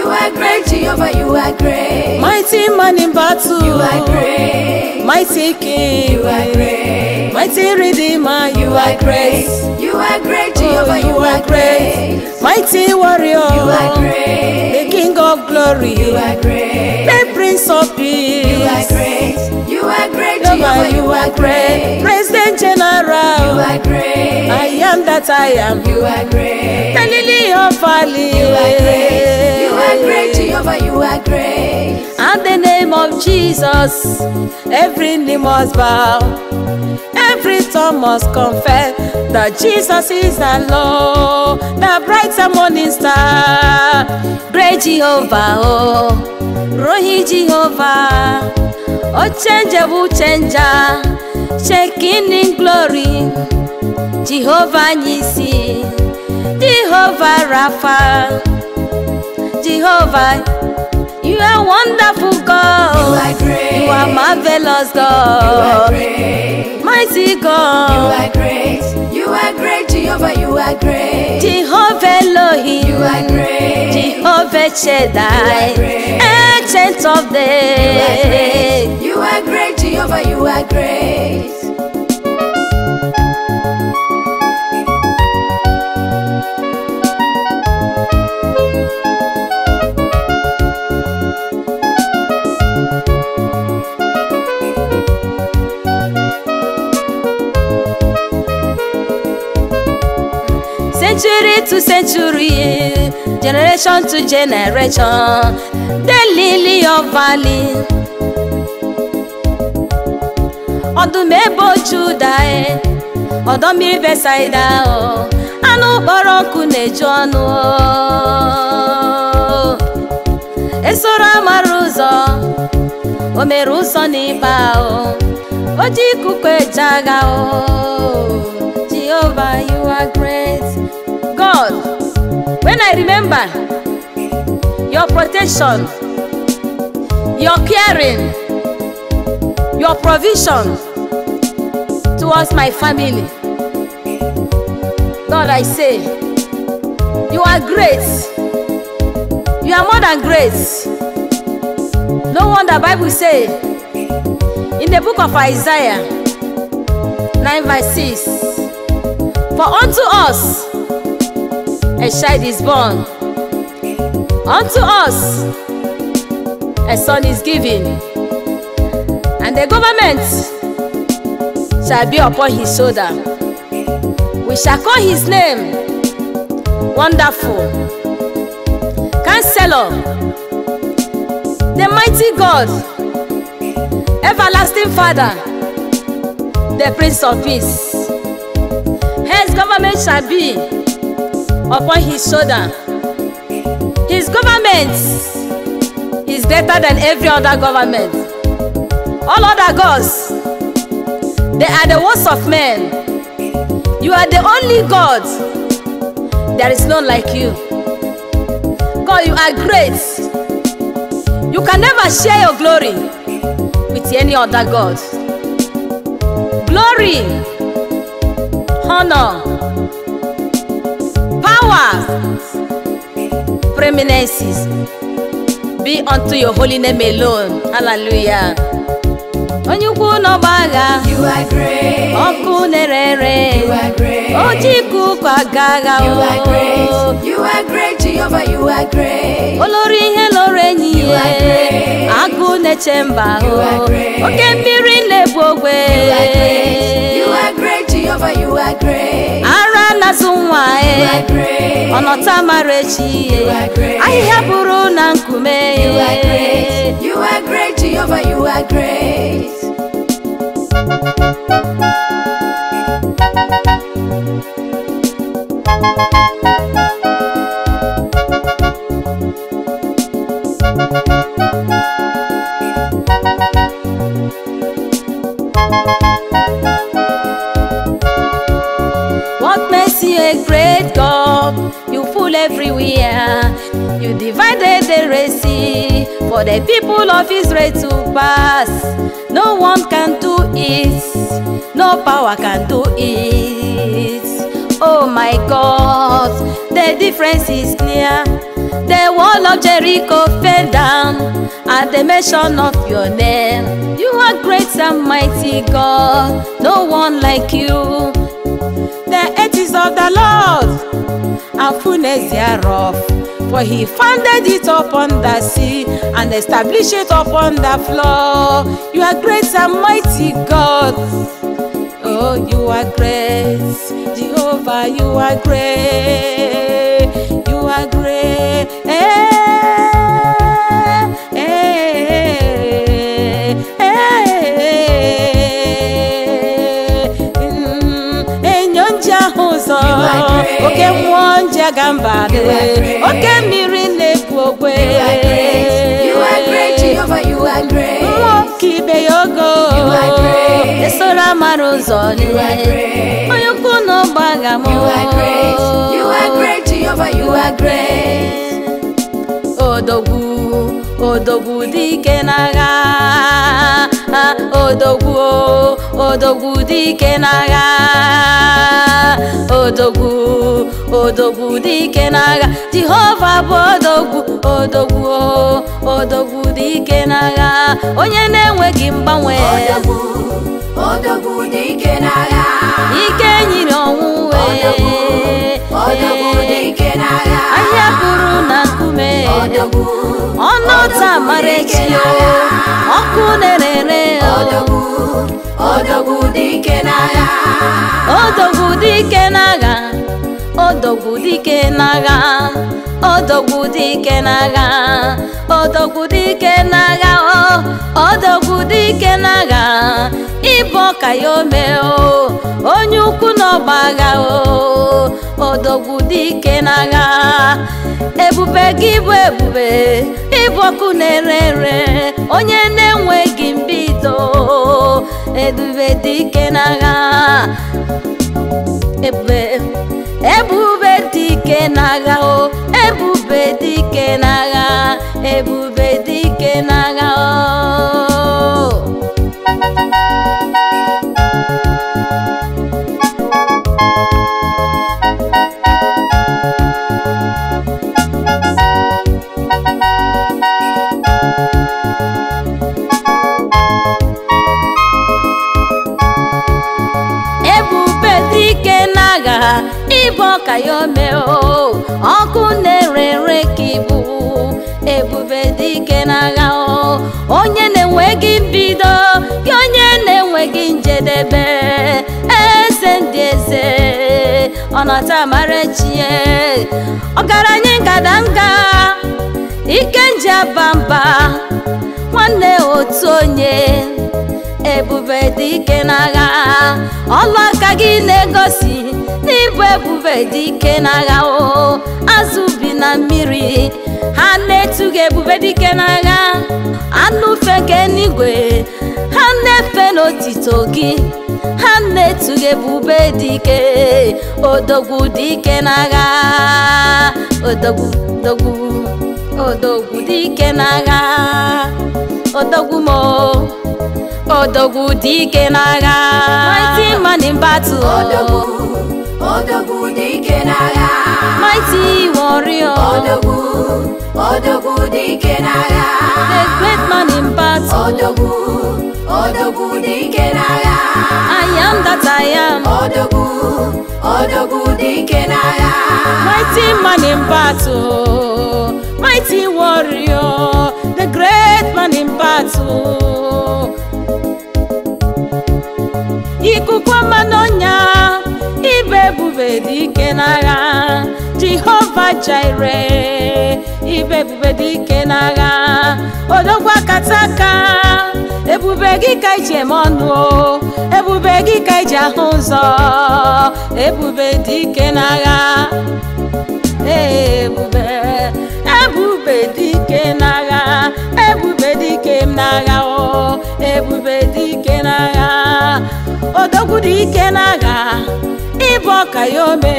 You are great, Jehovah, you are great. Mighty man in battle, you are great. Mighty king, you are great. Mighty redeemer, you are great. You are great, Jehovah, you are great. Mighty warrior, you are great. The king of glory, you are great. The prince of peace, you are great. You are great, Jehovah, you are great. President general, you are great. I am that I am, you are great. The lily of valley, you are great are great, Jehovah, you are great. And the name of Jesus, every knee must bow, every tongue must confess that Jesus is the Lord, the bright morning star. Great Jehovah, oh, Rohi Jehovah, oh, changer, who oh, changer, ah. shaking in glory, Jehovah Nisi, Jehovah Rapha. Jehovah. You are wonderful God. You are great. You are marvelous God. You are great. Mighty God. You are great. You are great, Jehovah. You are great. Jehovah Elohim. You are great. Jehovah Shaddai. Ancient of days. You are great, Jehovah. You are great. to century, generation to generation, the lily of valley. ọdụm ebe ojuda ọdọ mmiri besaida anụ kpọrọ ọkụ na-eju ọnụ esoro amara ụzọ o mere ụzọ n'ịba o ji ikuku eje agha oh, Jehovah you are great God, when I remember your protection, your caring, your provision towards my family, God, I say, you are great. You are more than great. No wonder Bible says in the book of Isaiah 9 verse 6, For unto us a child is born. Unto us, a son is given, and the government shall be upon his shoulder. We shall call his name Wonderful, Counselor, the Mighty God, Everlasting Father, the Prince of Peace. His government shall be upon his shoulder. His government is better than every other government. All other gods, they are the worst of men. You are the only God. There is none like you. God, you are great. You can never share your glory with any other God. Glory, honor, powers, preeminences, be unto your holy name alone. Hallelujah. onye ukwu n'ọgba agha ọkụ na-ere ere ojiku ka aga agha olori ihe lọrọ enyi ya agụ na-eche mba oh. oke mmiri na-ebu ogwe azụ nwa eh. ọ nọta mara echi eh. ahịhịa bụrụ na nkume eh. You are great, you are great. Thank you. people everywhere. You divided the race for the people of Israel to pass. No one can do it, no power can do it. Oh my God, the difference is clear. The wall of Jericho fell down at the mention of your name. You are great and mighty God, no one like you. The edges of the Lord and fullness thereof. For he founded it upon the sea and established it upon the floor. You are great and mighty God. Oh, you are great. Jehovah, you are great. oke mmụọ nje ga mba oke mmiri na-ekpu ogwe mmụọ nke ibe ya ogo esoro amara ụzọ onye ukwu na ọgbaga m odogwu odogwu dị ike n'agha odogwu odogwu dike n'agha odogwu odogwu dike n'agha jehova bụ odogwu odogwu odogwu dike n'agha onye na-enweghị mgbanwe ike nyiri ọnwụ ahịa bụrụ na ọnụ ọta mara echi ọkụ na-erere odogwu dike n'agha odogwu dike n'agha odogwu dike n'agha odogwu dike n'agha odogwu dike n'agha ịbụ oh. ọka ya omeo onye ukwu na agha o oh. odo gudike naga ebubegibwe bube ibo kunerere onyene wegi mbito edubedike naga ebube ebubedike naga o ebubedike naga ebubedike naga o oh. ịbụ ọka ya ome ọkụ na-ere ere ka ibu, ebube dị ike n'agha o onye na-enweghị mbido gị onye na-enweghị njedebe eze ndị eze ọnọta amarechie ọgaranya ngadanga ike nje mba, nwanne otu onye ebube dị ike n'agha ọlụ gị na-egosi igwe ebube dị ike n'agha o azụ bi na mmiri ha na-etughị ebube dị ike n'agha anụfe nke n'igwe ha na-efe n'otito gị ha na-etughị ebube dị ike odogwu dị ike n'agha odogwu dogwu odogwu dị ike n'agha odogwu ma odogwu dị ike n'agha odogwu odogwu dị ike n'agha mighty warrior odogwu odogwu dị ike n'agha the great man in battle odogwu odogwu dị ike n'agha i am that i am odogwu odogwu dị ike n'agha mighty man in battle mighty warrior the great man in battle ikuku ọma n'ọnya ibe ebube dị ike n'agha Jehova Jire ibe ebube dị ike n'agha odogwu akata aka ebube gị ka iji eme ọnụ ebube gị ka iji ahụ ụzọ ebube dị ike n'agha ebube ebube dị ike n'agha ebube dị ike m n'agha o ebube n'agha odogwu n'agha ọka ya ome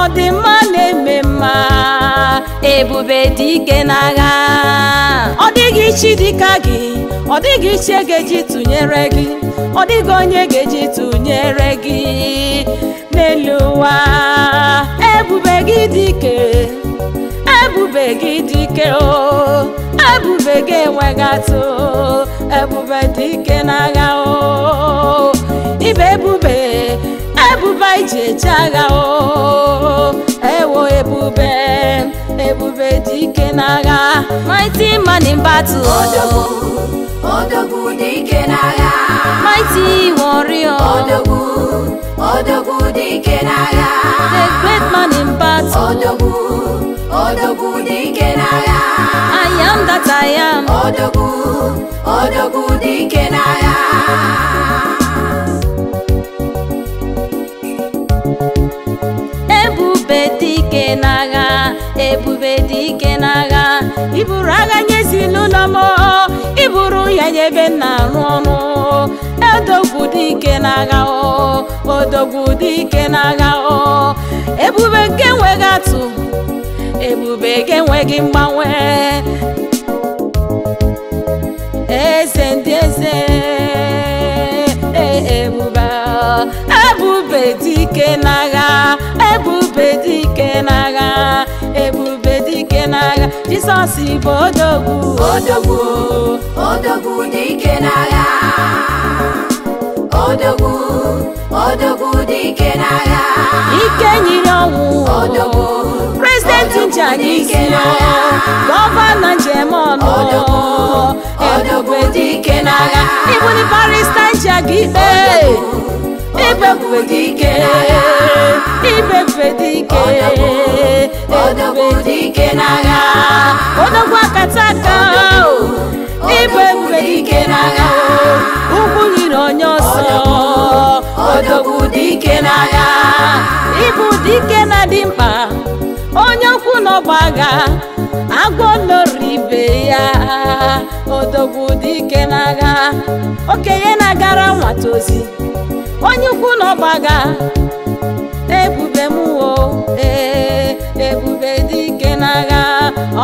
ọ dị mma na-eme mma ebube dị ike n'agha ọ dịghị chi dịka gị ọ dịghị chi e ga-eji tụnyere gị ọ dịghị onye ga-eji tụnyere gị n'elu ụwa ebube gị dị ike ebube gị dị ike o ebube gị enweghị atụ ebube dị ike n'agha o ibe ebube ebube iji eje agha o ewo ebube ebube dị ike n'agha mighty man in battle odogwu odogwu dị ike n'agha mighty warrior odogwu odogwu dị ike n'agha the great man in battle odogwu odogwu dị ike n'agha i am that i am odogwu odogwu dị ike n'agha ike n'agha ebube dị ike n'agha iburu agha nyezi ezinụlọ m iburu ya nye ebe nna arụ ọrụ odogwu dị ike n'agha odogwu dị ike n'agha ebube nke nweghị atụ ebube ga enweghị mgbanwe eze ndị eze ebube dike n'agha ebube dike n'agha ebube dike n'agha Jizọs bụ odogwu odogwu odogwu dike n'agha odogwu odogwu dike n'agha ike nyiri ọnwụ odogwu prezidenti nchanya isi gọvanọ njem ọnụ ebube dike n'agha ịbụ ndị parista ncha gị ikpe ebube dị ike ibube dị ike ebube dị ike n'agha odogwu akata aka ịbụ ebube dị ike n'agha ugwu nyiri onye ọsọ odogwu dị ike n'agha ịbụ dị ike na-adị mkpa onye okwu n'ọgba agha agwọ nọrọ ibe ya odogwu dị ike n'agha okenye na-agara nwata ozi onye ukwu na ọgbaga ebube m wo ee ebube dị ike n'agha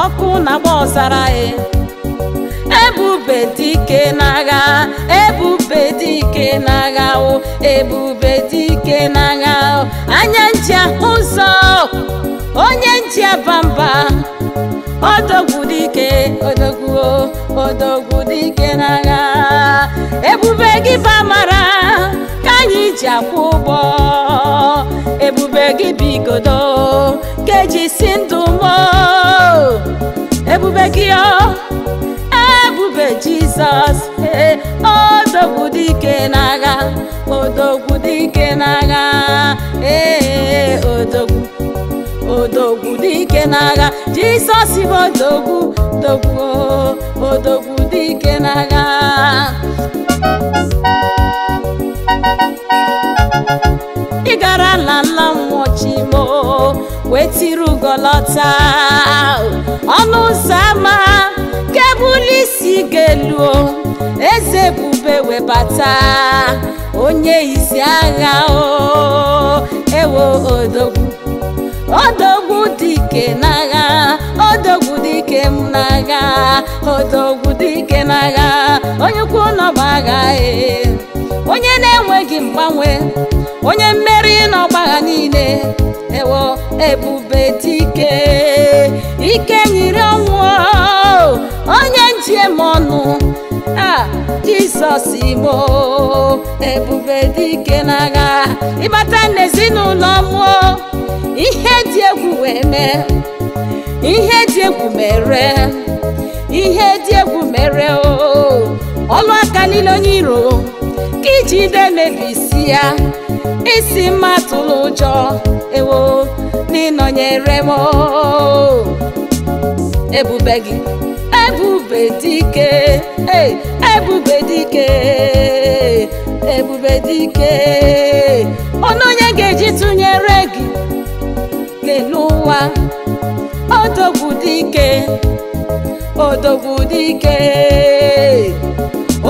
ọkụ na-agba ọsara e. ebube dị ike n'agha ebube dị ike n'agha o ebube dị ike n'agha anya nji ụzọ onye nche bamba odogwu dike odogwu odogwu dike n'agha ebube gị ba mara iji akwụ ụgbọ ebube gị bigodo e si ndụ m ebube gị ebube jizọs e, odogwu dike n'agha odogwu dike n'agha ee odogwu odogwu dike n'agha jizọs bụ odogwu dogwu odogwu n'agha nwoke gara ala nla mmụọ chimo lọta ugolọta ọnụ ụzọ ama kebụl isi ga-eluo eze ebube webata onye isi agha o ewo odogwu odogwu dike n'agha odogwu dike m n'agha odogwu dike n'agha onye ukwu nọba agha e onye na-enweghị mgbanwe onye mmeri n'ọgbagha niile ewo ebube dike ike nyiri ọnwụ onye njie m ọnụ a jizọs igbo ebube dike n'agha ịbata n'ezinụlọ mụọ ihe dị egwu wee ihe dị egwu mere ihe dị egwu mere o aka niile onye iro ijide mebisi ya isi tụrụ ụjọ ewo n'ịnọnyere m ebube gị ebube dike ebube dike ebube dike ọnụ onye ga-eji tụnyere gị n'ụwa odogwu dike odogwu dike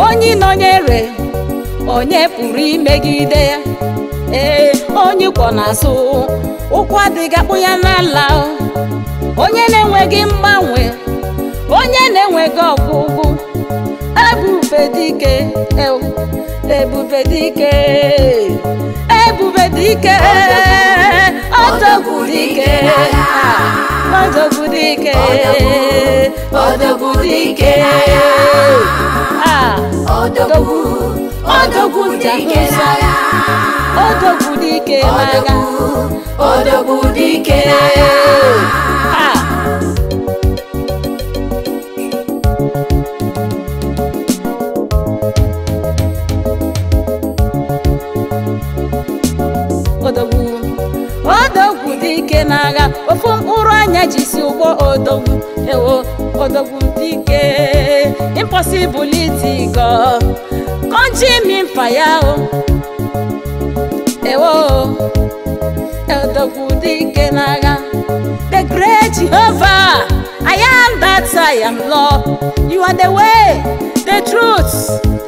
onye nọnyere onye pụrụ imegide ya ee onye kwọ na-asụ ụkwụ adịghị akpụ ya n'ala onye na-enweghị mgbanwe onye na-enweghị ọgwụgwụ ebube dike ebube dike ebube dike odogwu dike odogwu dike odogwu dike odogwu odogwu dike n'agha odogwu dike n'agha odogwu n'agha ah. ofu mkpụrụ anya jisi ụgbọ odogwu ewo odogwu dike impossibility gọọ. timi mpa ya o ewo edogwudi ike n'agha the great jehovah i am that i am lord you are the way the truth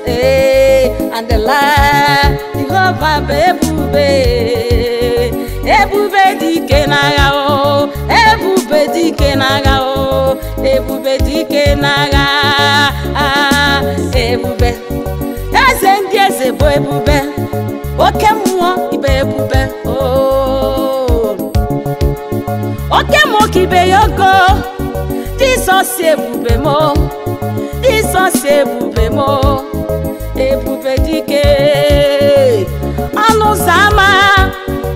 eh, and the life jehovah bụ ebube ebube dị ike n'agha o ebube dị ike n'agha o ebube dị ike n'agha ah, ebube ezebo ebube oke mmụọ ibe ebube oh. oke mụka ibe ya ogo jizọs ebube m oh. jizọs ebube m oh. ebube dike ọnụ ụzọ ama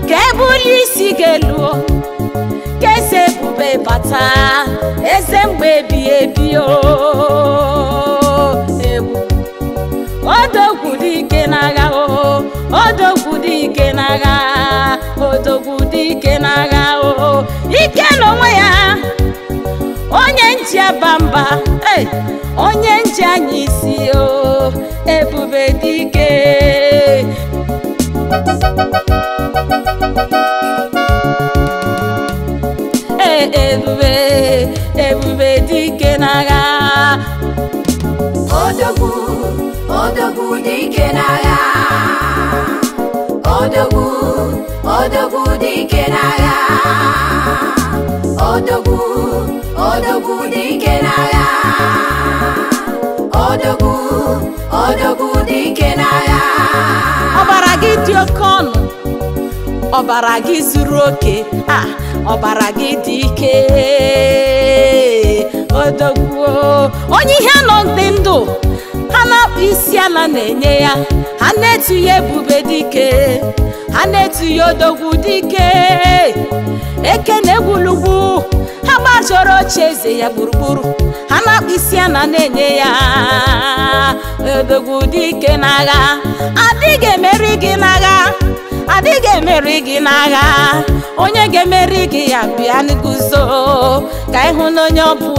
ke ebulie isi ga-eluo ka eze ebube bata eze bi ebi ebi o odogwu dị ike n'agha odogwu dị ike n'agha o, ike n'onwe ya onye nji aba mba onye nji anyị isi o ebube dị ike ebube ebube dị ike n'agha odogwu odogwu dị ike n'agha odogwu odogwu dị ike n'agha odogwu odogwu dị ike n'agha odogwu odogwu dị ike n'agha ọbara gị dị oke ọnụ ọbara gị zuru oke a ọbara gị dị ike odogwu onye ihe anọ dị ndụ a na-akpụ isi ala na-enye ya ha na-etu ya ebube dike ha na-etu ya odogwu dike eke na-egwulugwu ha gbajọrọ oche eze ya gburugburu ha na-akpụ isi ala na-enye ya odogwu dike n'agha adịghị emeri gị n'agha adịghị emeri gị n'agha onye ga-emeri gị ya bịa n'iguzo ka ịhụ na onye ọ bụ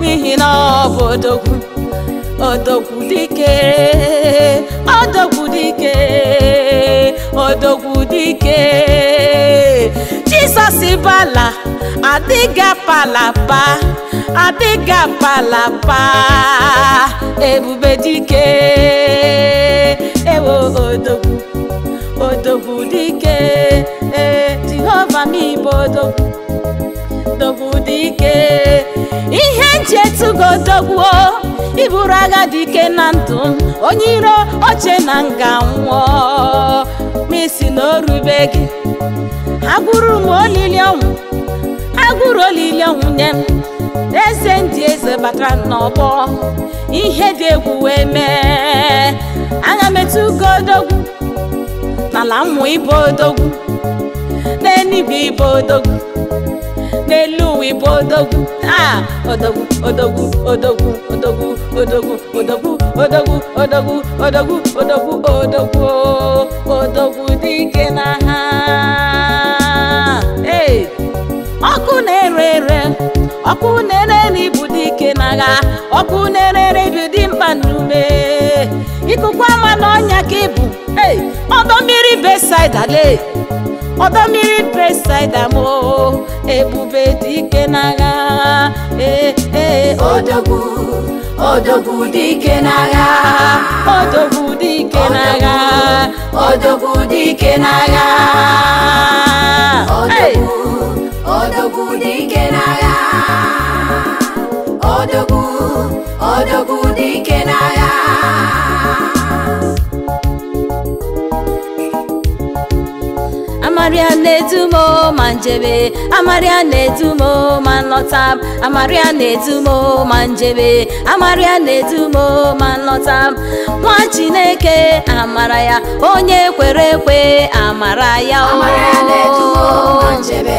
n'ihi na ọ bụ odogwu ọdọgwu dike ọdọgwu dike ọdọgwu dike jisọs bala adiga palapa adiga palapa ebube dike ewo odogwu odogwu dike eh, jehova mi ibe odogwu odogwu ike ihe nche etugo dogwuo iburu agha dị ike na ndụ onye iro oche na nga nwụọ ma isi na orube gị agwụrụ m olili ọnwụ agwụrụ olili ọnwụ nye m eze ndị eze batara n'ọgbọ ihe dị egwu wee mee agha metụgo odogwu n'ala mmụọ ibe odogwu n'eluigwe ibe odogwu n'elu ụwa ịbụ odogwu odogwu odogu odogwu odogu odogwu odogu odogwu odogu odogwu odogu odogwu odogu dị ike na ha ee ọkụ na-ere ere ọkụ na-ere n'ibu dị ike na agha ọkụ na-ere ibu dị mkpa n'ume ikuku ama na ọnya ka ịbụ ee ọdọ mmiri besaida lee ọdọ mmiri besaida m ebube dị ike n'agha ee eh, ee eh, oh. odogwu odogwu dị ike n'agha odogwu dị ike n'agha odogwu dị ike n'agha odogwu odogwu dị ike n'agha odogwu odogwu dị ike n'agha amarịa na-edu ma njebe amarịa na-edu ma nlọta m amarịa na-edu m ma njebe amarịa na-edu ma nlọta nwa Chineke amara ya onye kwere ekwe amara ya njebe.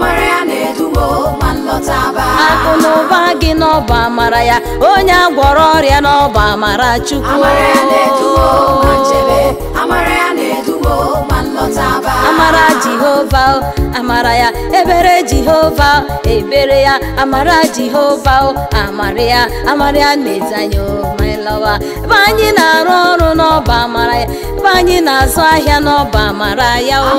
amara ya na-edu ma nlọtaba akụ na ụba gị n'ọba amara ya onye agwọrọ ọrịa n'ọba amara chukwu amara ya na-edu ma nchebe amara ya na-edugo ma nlọtaba amara jehova amara ya ebere jehova ebere ya amara jehova amara ya amara ya na-ezanye ebe anyị na-arụ ọrụ n'ọba mara ya ebe anyị na-azụ ahịa n'ọba mara ya o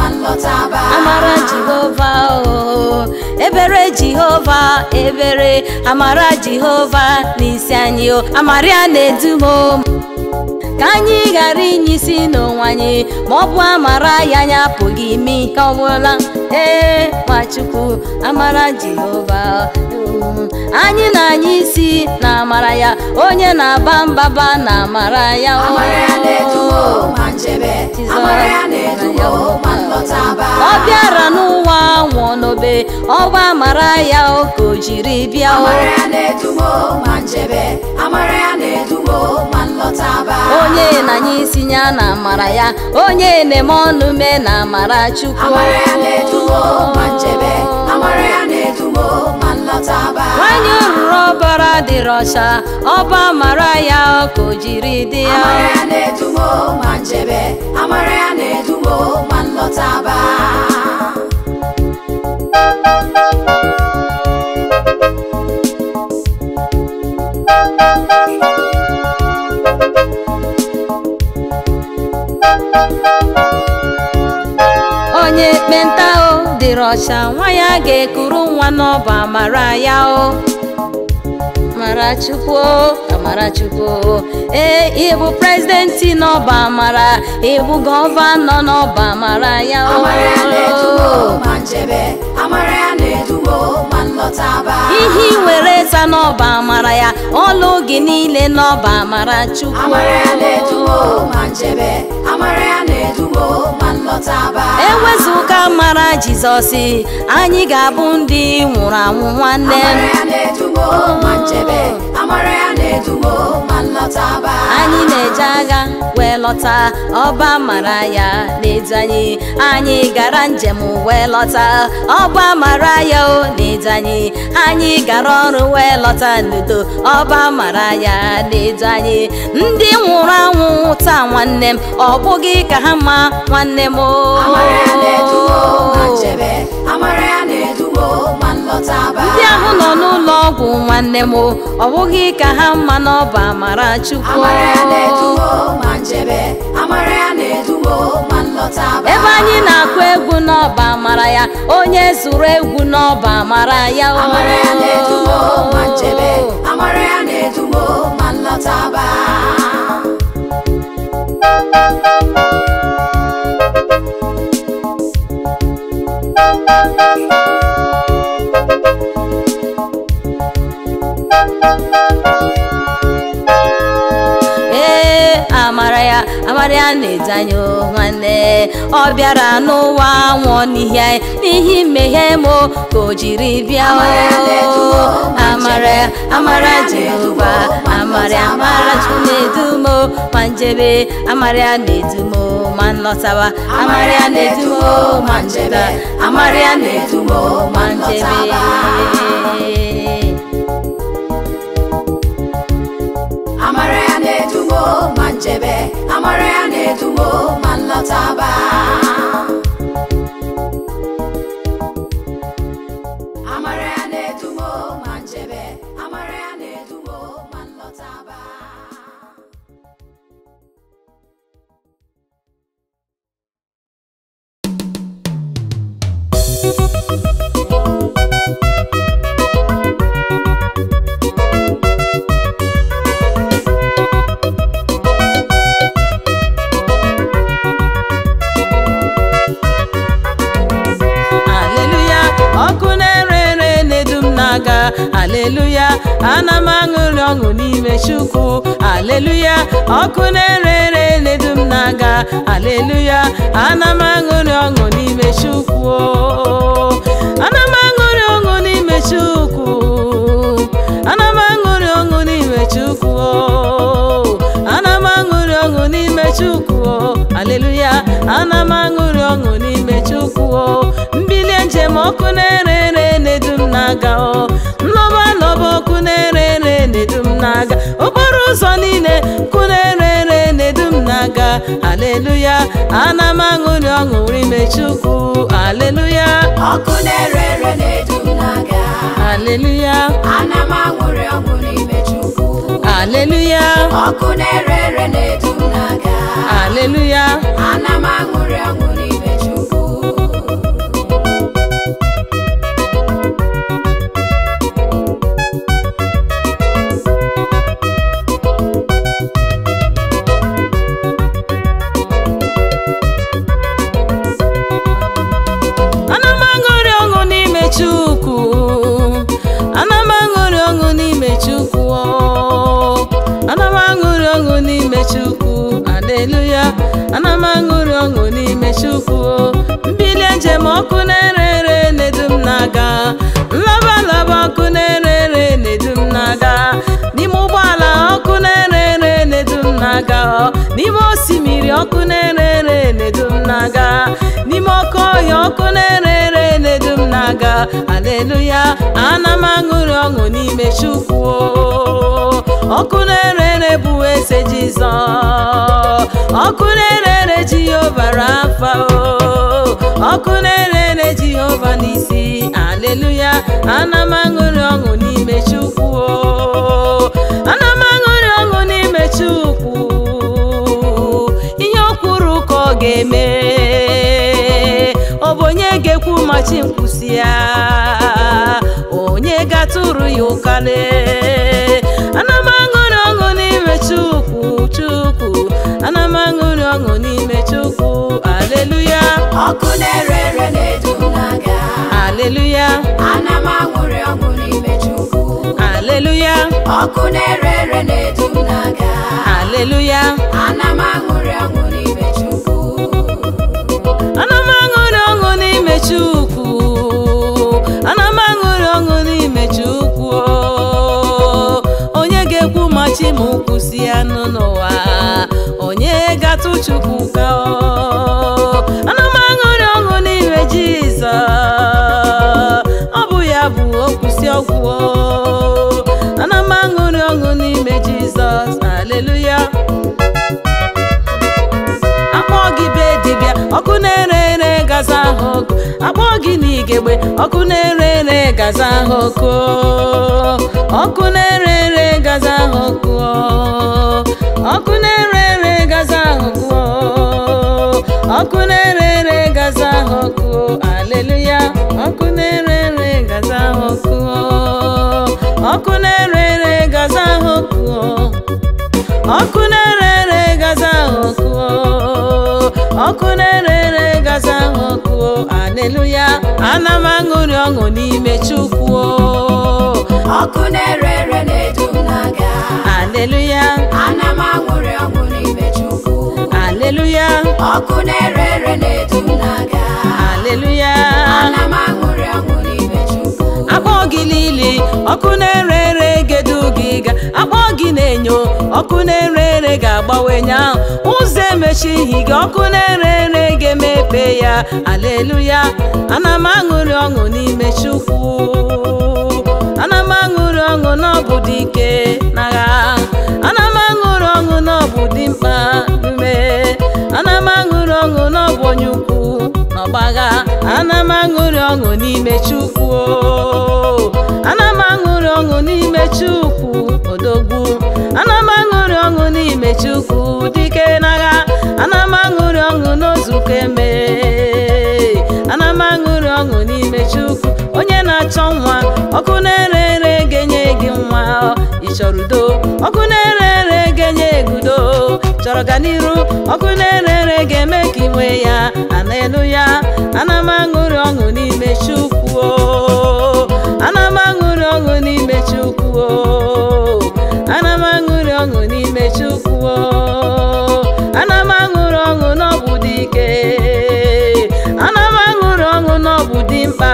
amara jehova ooo oh, oh. ebere jihova ebere amara jehova n'isi anyị o oh. amara ya na-edu m ka anyị ghara inye isi n'onwe anyị ma ọ bụ amara ya anyị apụghị ime nke ọbụla ee nwachukwu amara jehova mm. anyị na anyị isi na amara ya onye na-aba mbaba na amara ya ọ bịara n'ụwa nwụọ n'obe ọgwa amara ya na o jiri bịa onye onye na-anya isi ya na amara ya onye na-eme ọnụ mee na amara chukwu amara ya na-edumo nwanyị rụrụ ọbara dịrị ọcha ọba amara ya ọkụ jiri dị ya amara ya na-edumo ma nchebe amara siri ọcha nwa ya ga-ekuru nwa n'ọba mara ya o Amarachukwu Amarachukwu ee eh, ịbụ prezidenti n'ọba mara ịbụ gọvanọ n'ọba mara ya o amara ya na ma njebe amara ya na ma ihe ị were ta n'ọba mara ya ọlụ oge niile n'ọba mara Chukwu amara ya amara ya na-eduwo ma nlọta e ewezụka mara jizọs anyị ga-abụ ndị nwụrụ anwụ nwanne amara ya na-eduwo ma nchebe amara ya na-edumo ma nlọtaba anyị na-eje agha wee lọta ọba mara ya na-edu anyị anyị gara njem wee lọta ọba mara ya o na-edu anyị anyị gara ọrụ wee lọta n'udo ọba mara ya na-edu anyị ndị nwụrụ anwụ taa nwanne m ọ bụghị ka ha ma nwanne m ma ndị ahụ nọ n'ụlọ ọgwụ nwanne m ọ bụghị ka ha mma n'ọba mara chukwu amara ya na-eduwo ma nchebe amara ya na-eduwo ma nlọta ba ebe anyị na-akụ egwu n'ọba mara ya onye zụrụ egwu n'ọba mara ya amara ya na-eduwo ma nchebe amara ya na-eduwo ma nlọta amara ya na-eji anya oh, nwanne ọ bịara n'ụwa nwụọ n'ihe n'ihi mmehie mo oh, ka o jiri bịa oh. amara amara ji amara amara chụ na ma njebe amara ya na-edumo ma nlọtawa amara ya na-edumo ma njebe amara ya na-edumo ma njebe amara ya na-edumo ma nchebe amara ya na-edumo ma nlọtaba ọkụ na-ere ere eledu m na-aga aleluya ana m aṅụrị ọṅụ n'ime Chukwu ana m aṅụrị ọṅụ n'ime Chukwu ana m aṅụrị ọṅụ n'ime Chukwu ana m aṅụrị ọṅụ n'ime Chukwu aleluya ana m aṅụrị ọṅụ n'ime Chukwu mbili njem ọkụ na-ere ere eledu m na-aga nlọba nlọba ọkụ na-ere ere eledu m na-aga okporo ụzọ niile kụ na-ere aleluya ana m aṅụrị ọṅụ rime chukwu aleluya ọkụ na-ere ere ere na n'aga aleluya ana ọṅụ n'ime chukwu ọkụ na-ere ere ere na n'aga aleluya ana ọṅụ n'ime chukwu ọhịa ọkụ na-ere ere na-edu m na-aga n'ime ọkụ ọhịa ọkụ na-ere ere na-edu m na-aga aleluya ana m aṅụrị ọṅụ n'ime Chukwu ọkụ na-ere ere bụ eze Jizọs ọkụ na-ere ere Jehova Rafa ọkụ na-ere ere Jehova n'isi aleluya ana m aṅụrị ọṅụ n'ime Chukwu ga-eme ọ bụ onye ga-ekwu ma machi nkwụsị ya onye ga ya ụkale ana m aṅụrị ọṅụ n'ime chukwu chukwu ana m aṅụrị ọṅụ n'ime chukwu aleluya ọkụ na-ere ere na-edu m n'aga aleluya ana m aṅụrị ọṅụ n'ime chukwu aleluya ọkụ na-ere ere na-edu m n'aga aleluya ana m aṅụrị ọṅụ n'ime Chukwu ana m aṅụrị ọṅụ n'ime Chukwu onye ga-ekwu machi ma ụkwụsị ya nụ n'ụwa onye gatụ Chukwu ana m aṅụrị ọṅụ n'ime Jizọs ọ bụ ya bụ okwusi ọgwụ ana m aṅụrị ọṅụ n'ime Jizọs haleluya akpọ gị be ọkụ na-ere gaza ahụ ọkụ akpọ gị na ọkụ na-ere ere gaza ahụ ọkụ ọkụ na-ere ere gaza ahụ ọkụ ọkụ na-ere ere gaza ahụ ọkụ ọkụ na-ere ere gaza ahụ ọkụ aleluya ọkụ na-ere ere gaza ahụ ọkụ ọkụ na-ere ere gaza ahụ ọkụ ọkụ ọkụ na-ere ere gaza ṅụkuo aleluya ana m aṅụrị ọṅụ n'ime Chukwu. ọkụ na-ere ere na-edu m na-aga aleluya ana m aṅụrị ọṅụ n'ime chukwu ya? ọkụ na-ere ere na-edu m na-aga aleluya ana m aṅụrị ọṅụ n'ime chukwu akpọ gị niile ọkụ na-ere ọkụ na-ere ere ere ga agbawa nya ụzọ emechighị gị ọkụ na-ere ere ga-emepe ya aleluya ana m aṅụrị ọṅụ n'ime chukwu ana m aṅụrị ọṅụ n'ọbụ dị ike n'agha ana m aṅụrị ọṅụ n'ọbụ dị mkpa mme. ana m aṅụrị ọṅụ n'ọbụ onye ukwu n'ọgbagha ana m aṅụrị ọṅụ n'ime chukwu ana m aṅụrị ọṅụ n'ime chukwu odogwu Chukwu dike n'agha ana m aṅụrị ọṅụ n'ozuko eme ana m ọṅụ n'ime Chukwu onye na-achọ nwa ọkụ na-ere ere ga-enye gị nwa ị chọrọ udo ọkụ na-ere ere ga-enye egudo udo chọrọ ga n'iru ọkụ na-ere ere ga-eme ka ị nwee ya ana elu ya ana m ọṅụ n'ime Chukwu oh. ana ọṅụ n'ime Chukwu oh. ọṅụ n'ime Chukwu ana m aṅụrụ ọṅụ n'ọgwụ dị ike ana m aṅụrụ ọṅụ n'ọgwụ dị mkpa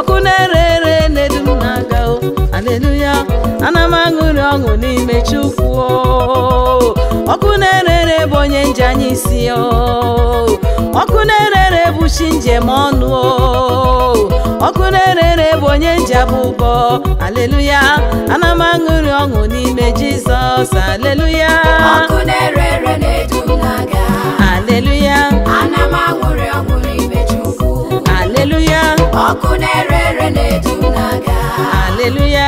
ọkụ na-ere ere na-edu m na-aga aleluya ana m aṅụrụ ọṅụ n'ime Chukwu ọkụ na-ere ere bụ onye nje anyị isi ọkụ na-ere ere na njem ọnụ ọkụ na-erere bụ onye njabụ ụbọ aleluya ana m aṅụrị ọṅụ n'ime jizọs aleluya ọkụ na-erere aleluya aleluya ọkụ na-erere aleluya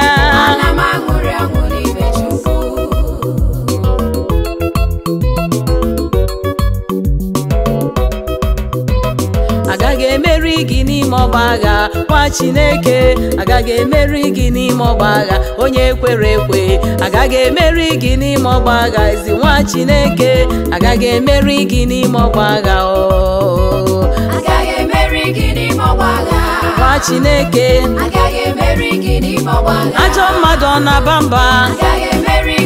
ọgba agha chineke agaghị emeri gị n'ime ọgba agha onye kwere ekwe agaghị emeri gị n'ime ọgba agha ezi nwa chineke agaghị emeri gị n'ime ọgba agha o agaghị emeri n'ime ọgba agha nwa chineke ajọ mmadụ ọ na-aba mba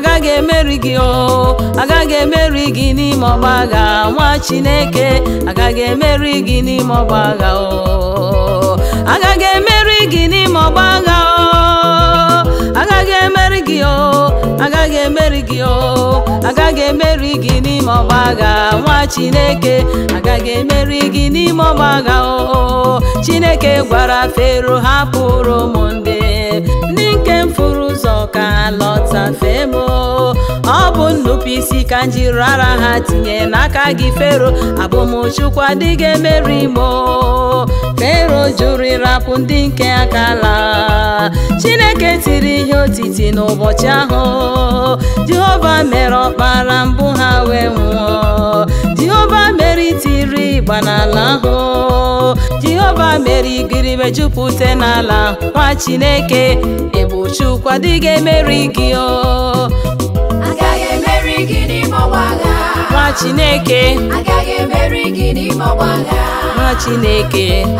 agaghị emeri gị agaghị emeri n'ime ọgba agha nwa chineke agaghị emeri gị n'ime ọgba agha agaghị emeri gị n'ime ọgba agaghị emeri gị n'ime ọgba nwa chineke agaghị emeri gị n'ime ọgba chineke gwara fero hapụrụ ụmụ ndị ndị nke ụzọ ka lọta lọtafemo ọ bụ nnupụisi ka njiri ara ha tinye n'aka gị fero abụmchukwu adịghị emeri imo fero jụrụ ịrapụ ndị nke akala chineke tiri ihe otiti n'ụbọchị ahụ jehova mere ọkpara mbụ ha wee nwụọ jehova mere itiri ịgba n'ala ahụ jehova mere igirime jupụta n'ala nwa chineke ịbụ chukwu ga emeri gị o emeri gị n'ime nwa Chineke agaghị emeri gị n'ime nwa Chineke nwa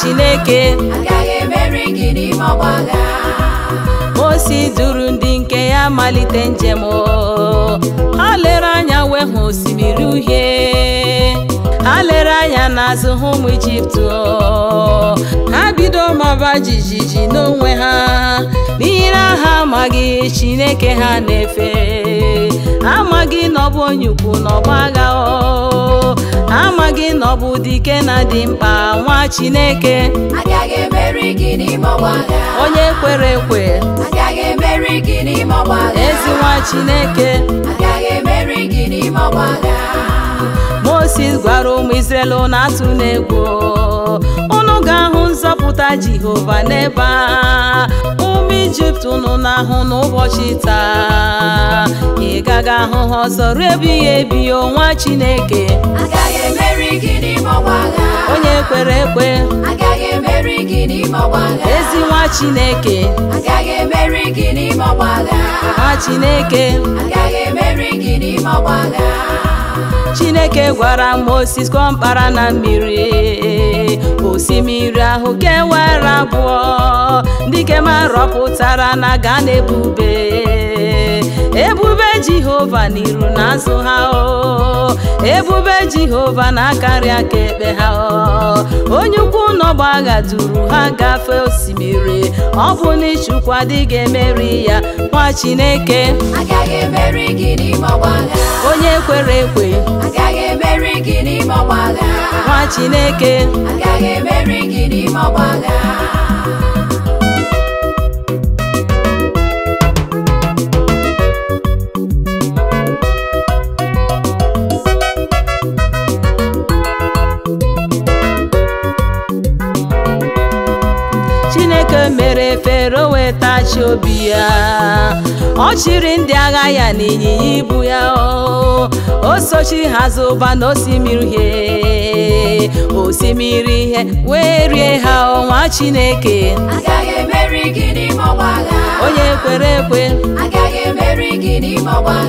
Chineke agaghị emeri gị n'ime duru ndị nke ya malite njem o ha lere anya wee hụ osimiri uhie ya na-azụ ha ụmụ ijipt ha bido maba jijiji n'onwe ha n'ire na amaghị chineke ha na-efe amaghị nọbụ bụ onye ukwu na agha amaghị na bụ dike na dị mkpa nwa chineke onye kwere ekwe ezi nwa chineke Moses gwara ụmụ Israel na-atụ n'egwu unu ga-ahụ nzọpụta Jehova n'ebe a ụmụ Ijipt unu na-ahụ n'ụbọchị taa ị gaghị ahụ ha ọzọ ruo ebighị ebi nwa Chineke n'ime onye kwere ekwe agaghị emeri n'ime ezi nwa Chineke nwa Chineke agaghị emeri gị n'ime chineke gwara m osis mkpara na mmiri osimiri ahụ kewara e abụọ ndị ma rọpụtara na ga na-ebube ebube jehova n'iru na-azụ ha o ebube jehova na-akarị aka ekpe ha o onye ukwu n'ọgba agha duru ha gafee osimiri ọ bụ na ịchụkwu adịghị emeri ya nwa chineke agaghị emeri gị onye kwere ekwe agaghị emeri gị n'ime nwa chineke mere fero wetachi obi ya ọ chịrị ndị agha ya n'ịnyịnya ibu ya o sochi hazi ụba osimiri ihe osimiri ihe wee rie ha ọnwa Chineke onye kwere ekwe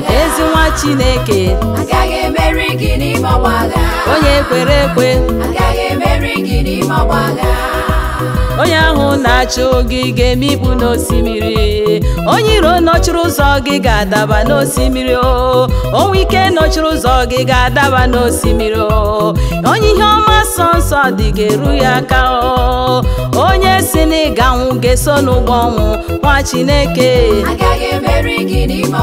agaghị onye kwere ekwe onye ahụ na-achọ oge ga-emikpu n'osimiri onye iro nọchiri ụzọ gị ga-adaba n'osimiri o onwe ike nọchiri ụzọ gị ga-adaba n'osimiri o onye ihe ọma sọ nsọ dị ga-eru ya aka onye si na ịga ga-eso n'ụgbọ ọnwụ nwa Chineke agaghị emeri gị n'ime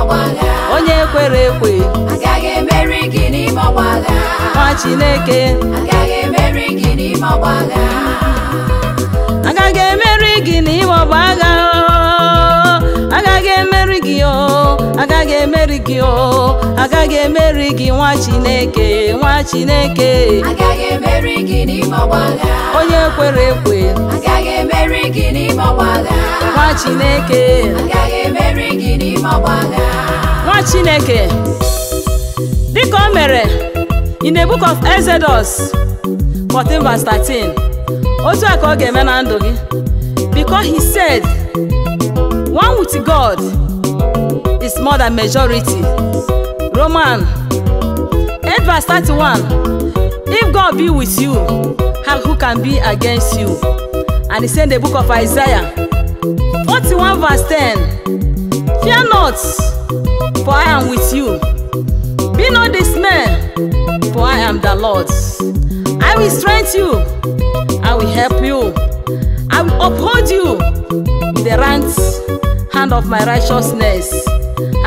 onye kwere ekwe agaghị emeri gị n'ime nwa Chineke agaghị emeri gị n'ime ọgbaaghara gị o agaghị emeri gị nwa Chineke nwa Chineke agaghị emeri onye kwere ekwe nwa Chineke agaghị emeri gị nwa Chineke dịka o mere in the book of Exodus 14 verse otu a ọ ga-eme na ndụ gị because he said one God is more than majority. Roman 8 verse 31 If God be with you, how who can be against you? And he said in the book of Isaiah 41 verse 10 Fear not, for I am with you. Be not dismayed, for I am the Lord. I will strengthen you, I will help you, I will uphold you with the right hand of my righteousness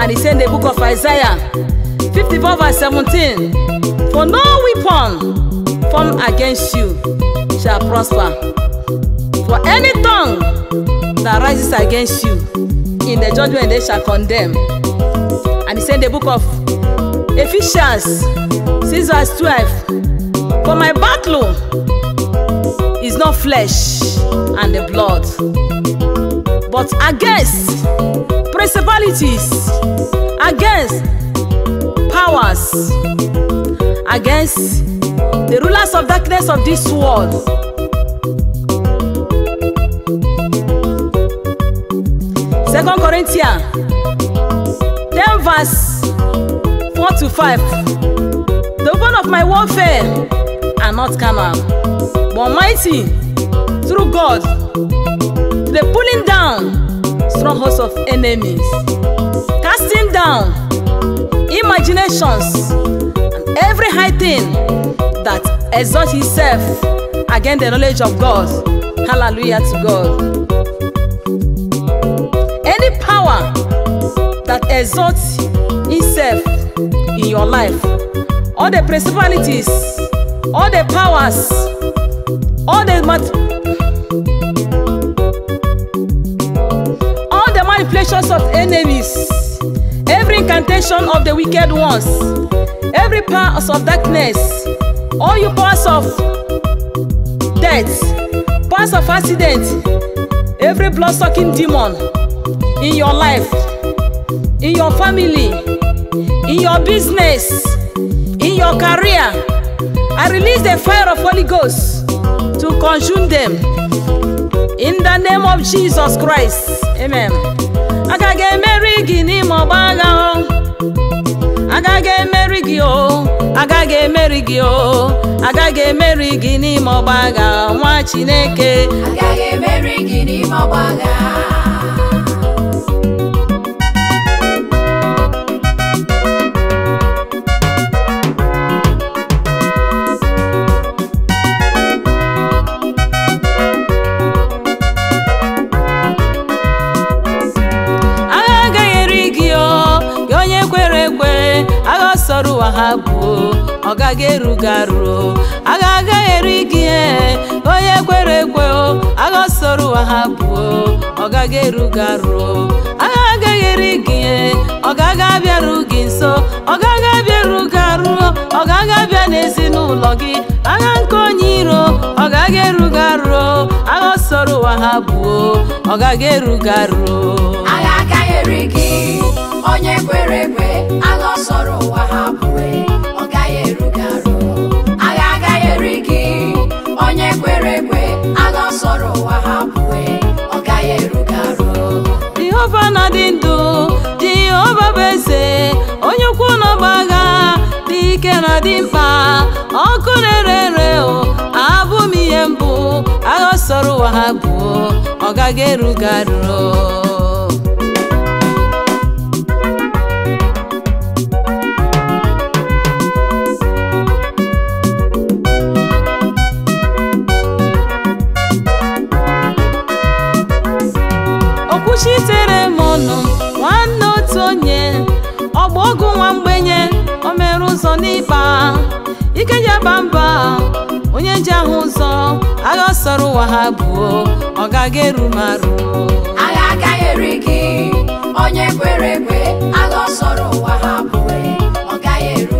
and he said in the book of Isaiah 54 verse 17 For no weapon formed against you shall prosper. For any tongue that rises against you in the judgment they shall condemn. And he said in the book of Ephesians 6 verse 12 For my battle is not flesh and the blood, but against principalities, against powers, against the rulers of darkness of this world. Second Corinthians ten verse four to five. The weapon of my warfare are not carnal, but mighty through God, the pulling down strongholds of enemies, casting down imaginations and every high thing that exalts itself against the knowledge of God. Hallelujah to God. Any power that exalts itself in your life, all the principalities, all the powers, all the accusations of enemies, every incantation of the wicked ones, every power of darkness, all you powers of death, powers of accident, every blood-sucking demon in your life, in your family, in your business, in your career, I release the fire of Holy Ghost to consume them. In the name of Jesus Christ. Amen. agaghị emeri gị n'ime ọgba agha agaghị emeri gị o agaghị emeri gị o agaghị emeri gị n'ime ọgba agha nwa Chineke agaghị emeri gị n'ime ọgba agha ha gbuo ọ gaghị erugaruo agha agaghị gị e, onye kwere ekwe agha soro ụwa ha gbuo ọ gaghị erugaruo agha agaghị eri gị e, ọ gaghị abịaru gị nso ọ gaghị abịaru gị arụọ ọ gaghị abịa n'ezinụlọ gị agha nke onye iro ọ gaghị erugaruo agha soro ụwa ha gbuo ọ gaghị erugaruo agha agaghị onye kwere ekwe agha soro ụwa ha gbuo ọ gaghị Jehova na dị ndụ Jehova bụ eze onye ukwu n'ọgba agha dị ike na dị mkpa ọkụ na-ere ere abụ m ihe mbụ agha sọrọ ụwa ha bụ ọ gaghị erugaru metere m ọnụ nwanne otu onye ọgba ọgụ nwa mgbenye o mere ụzọ n'ịba ike jaba mba onye ji ahụ ụzọ agha sọrọ ụwa ha buo ọ gaghị eru agha agaghị gị onye kwere agha ụwa ha ọ eru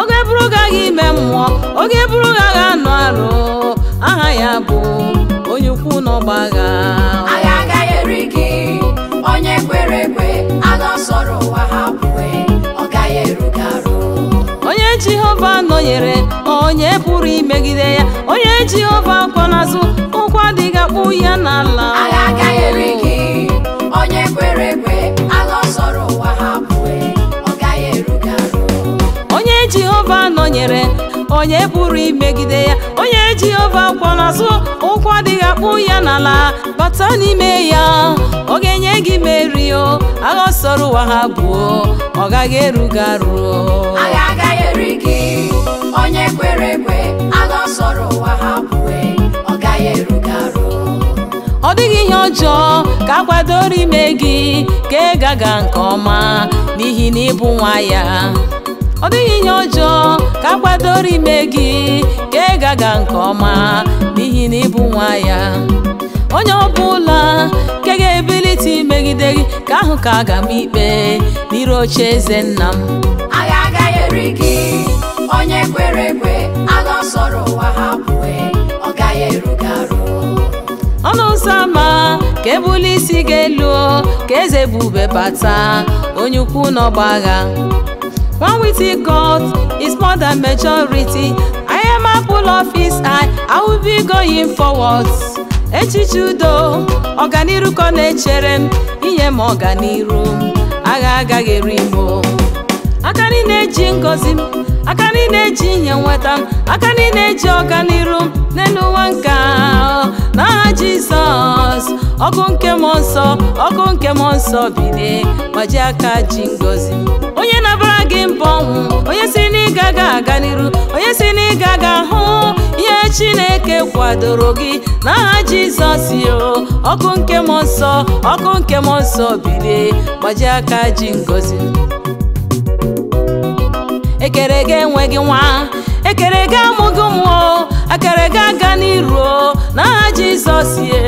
oge bụrụ gaghị ime mmụọ oge bụrụ ga ga anọ arụ aha ya bụ onye ukwu n'ọgba agha onye kwere ekwe agha sọrọ ụwa ha kwue ọ gaghị eruga onye jehova nọnyere onye pụrụ imegide ya onye jehova kwọ n'azụ ụkwa dịghị akpụ ya n'ala agha agaghị eri gị onye kwere ekwe agha sọrọ ụwa ha kwue ọ gaghị eruga onye jehova nọnyere onye pụrụ imegide ya onye jehova kwọ n'azụ agwọ adịghị akpụ ya n'ala bata n'ime ya ọ ga-enye gị meri o agha ọsọrọ ụwa ha buo ọ gaghị eru gị arụ agha agaghị gị onye kwere ekwe agha ụwa ha ọ ọ dịghị ihe ọjọọ ka akwadoro ime gị ka ị gaga nke ọma n'ihi na ịbụ nwa ya ọ dịghị ihe ọjọọ ka akwadoro ime gị ka ị e gaga nke ọma n'ihi na ịbụ nwa ya onye ọbụla nke ga-ebilite imegide gị ka ahụ ka aga m ikpe n'iru oche eze nna m agha agaghị eri gị onye kwere ekwe agha sọrọ ụwa ha pụe ọ gaghị arụ ọnụ ụzọ ama ka ebuli isi ga elu ka eze bube bata onye ukwu n'ọgba agha One with God is more than majority. I am apple of his eye. I will be going forward. Echiche udo ọganiruko na-echere m inye m ọganiru m agha agaghị eri m aka na eji ngozi m aka na eji ihe nweta m aka na eji ọganiru m n'elu ụwa nka n'aha Jizọs ọgụ nke m nsọ ọkụ nke m nsọ bide aka ji ngozi onye na gị mbọ ọnwụ onye si na ị aga n'iru onye si na ị gaghị ahụ ihe chineke kwadoro gị n'aha jizọs yo ọkụ nke m nsọ ọkụ nke m nsọ bilie gbaji aka ji ngozi ekere gị enweghị nwa ekere gị amụghị ụmụ Akere ga-aga n'iruo n'aha jizọs ye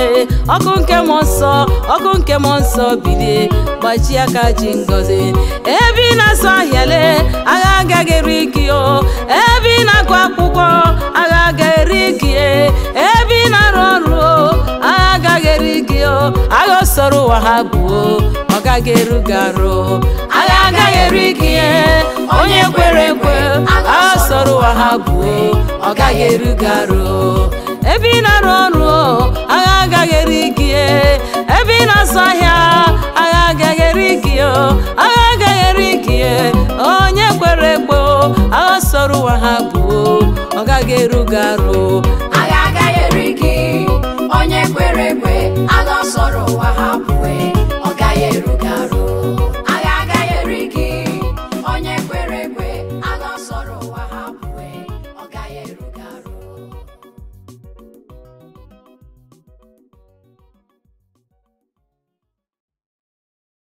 ọkụ nke mọsọ nsọ ọkụ nke mmụọ nsọ bilie gbachi aka ji ngozi ebe ị na-asụ ahịale agha agaghị eri gị o ebe ị na-agụ akwụkwọ agha agaghị eri gị e. ebe ị na-arụ ọrụ agha agaghị eri gị o agha sọrọ ụwa ha buo ọ gaghị eru gị arụ agha agaghị eri gị e. onye kwere ekwe sọrọ ụwa ha gwuo ọ gaghị erughị arụ ebe ị na-arụ ọrụ agha agaghị eri gị e. ebe ị na-azụ ahịa agha agaghị eri gị agha agaghị eri e. gị onye kwere ekwe agha sọrọ ụwa ha gwuo ọ gaghị erughị agha agaghị eri gị onye kwere ekwe agha sọrọ ụwa ha gwuo